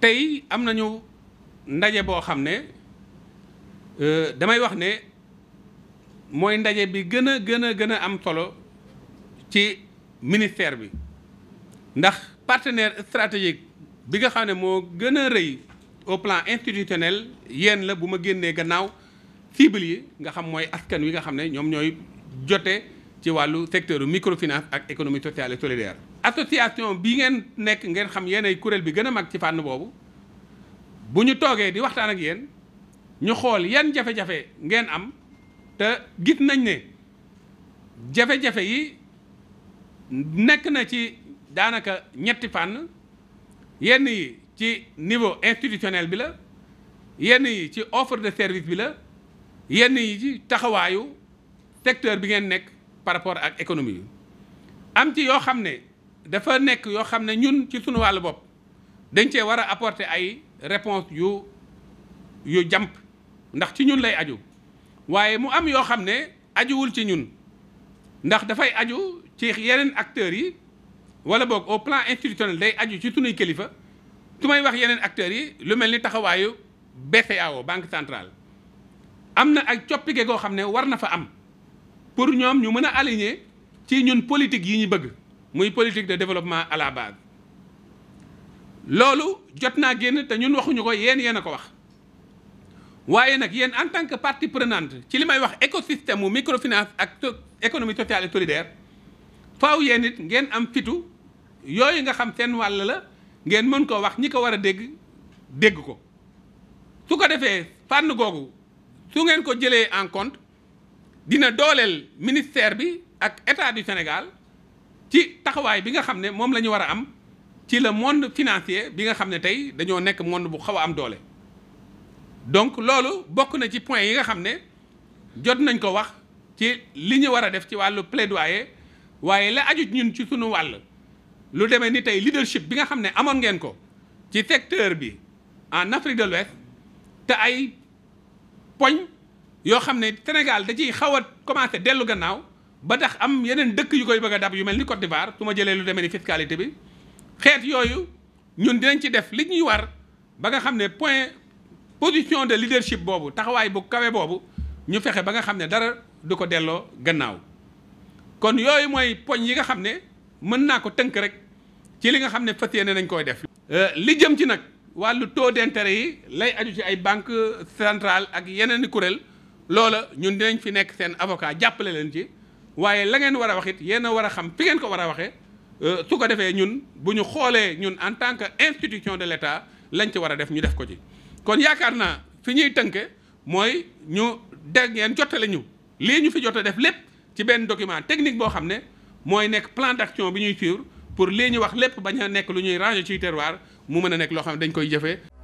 tey am nañu ndaje boo xam ne euh, damay wax ne mooy ndaje bi gën a gën a gën a am solo ci ministère bi ndax partenaire stratégique bi nga xam ne moo gën a rëy au plan institutionnel yéen la bu ma génnee gannaaw cible yi nga xam mooy askan wi nga xam ne ñoom ñooy jote ci wàllu secteur microfinance ak économie sociale et solidaire. association bi ngeen nekk ngeen xam yéenay kuréel bi gën a mag ci fànn boobu bu ñu toogee di waxtaan ak yéen ñu xool yan jafe-jafe ngeen am te gis nañ ne jafe-jafe yi nekk na ci daanaka ñetti fànn yenn yi ci niveau institutionnel bi la yenn yi ci offre de service bi la yenn yi ci taxawaayu secteur bi ngeen nekk par rapport ak économie bi am ci yoo xam ne dafa nekk yoo xam ne ñun ci sunu wàllu bopp dañ cee war a apporter ay réponse yu yu jàmp ndax ci ñun lay aju waaye mu am yoo xam ne ajuwul ci ñun ndax dafay aju ci yeneen acteurs yi wala boog au plan institutionnel day aju ci sunuy kilifa su may wax yeneen acteurs yi lu mel ni taxawaayu BCEAO banque centrale am na ak coppike goo xam ne war na fa am pour ñoom ñu mën a aligner ci ñun politique yi ñu bëgg muy politique de développement à la base loolu jot naa génn te ñun waxuñu ko yéen yéen a ko wax waaye nag yéen en tant que partie prenante ci li may wax écosystème mu microfinance ak économie sociale et solidaire faaw yéen it ngeen am fitu yooyu nga xam seen wàll la ngeen mën koo wax ñi ko war a dégg dégg ko su ko defee fànn googu su ngeen ko jëlee en compte dina dooleel ministère bi ak état du Sénégal ci taxawaay bi nga xam ne moom la ñu war a am ci le monde financier bi nga xam ne tey dañoo nekk monde bu xaw a am doole donc loolu bokk na ci point yi nga xam ne jot nañ ko wax ci li ñu war a def ci wàllu plaidoyer waaye la aju ñun ci suñu wàll lu demee ni tey leadership bi nga xam ne amoon ngeen ko ci secteur bi en Afrique de l'Ouest te ay poñ yoo xam ne Sénégal da ciy xaw a commencé dellu gannaaw ba tax am yeneen dëkk yu koy bëgg a dab yu mel ni Côte d'Ivoire su ma jëlee lu demee ni fiscalité bi xeet yooyu ñun dinañ ci def li ñuy war ba nga xam ne point position de leadership boobu taxawaay bu kawe boobu ñu fexe ba nga xam ne dara du ko delloo gannaaw kon yooyu mooy poñ yi nga xam ne mën naa ko tënk rek ci li nga xam ne fas yéene nañ koy def. Euh, li jëm ci nag wàllu taux d'intérêt yi lay aju ci ay banque centrale ak yeneen i kuréel loola ñun dinañ fi nekk seen avocat jàppale leen ci waaye la ngeen war a wax it a war a xam fi ngeen ko war a waxee. Euh, su ko defee ñun bu ñu xoolee ñun en tant que institution de l'État lañ ci war a def ñu def ko ci kon yaakaar naa fi ñuy tënke mooy ñu dégg ngeen jottale ñu lii ñu fi jot a def lépp ci benn document technique boo xam ne mooy nekk plan d'action bi ñuy suivre pour lii ñu wax lépp bañ a nekk lu ñuy ranger ci terroir mu mën a nekk loo xam ne dañ koy jëfee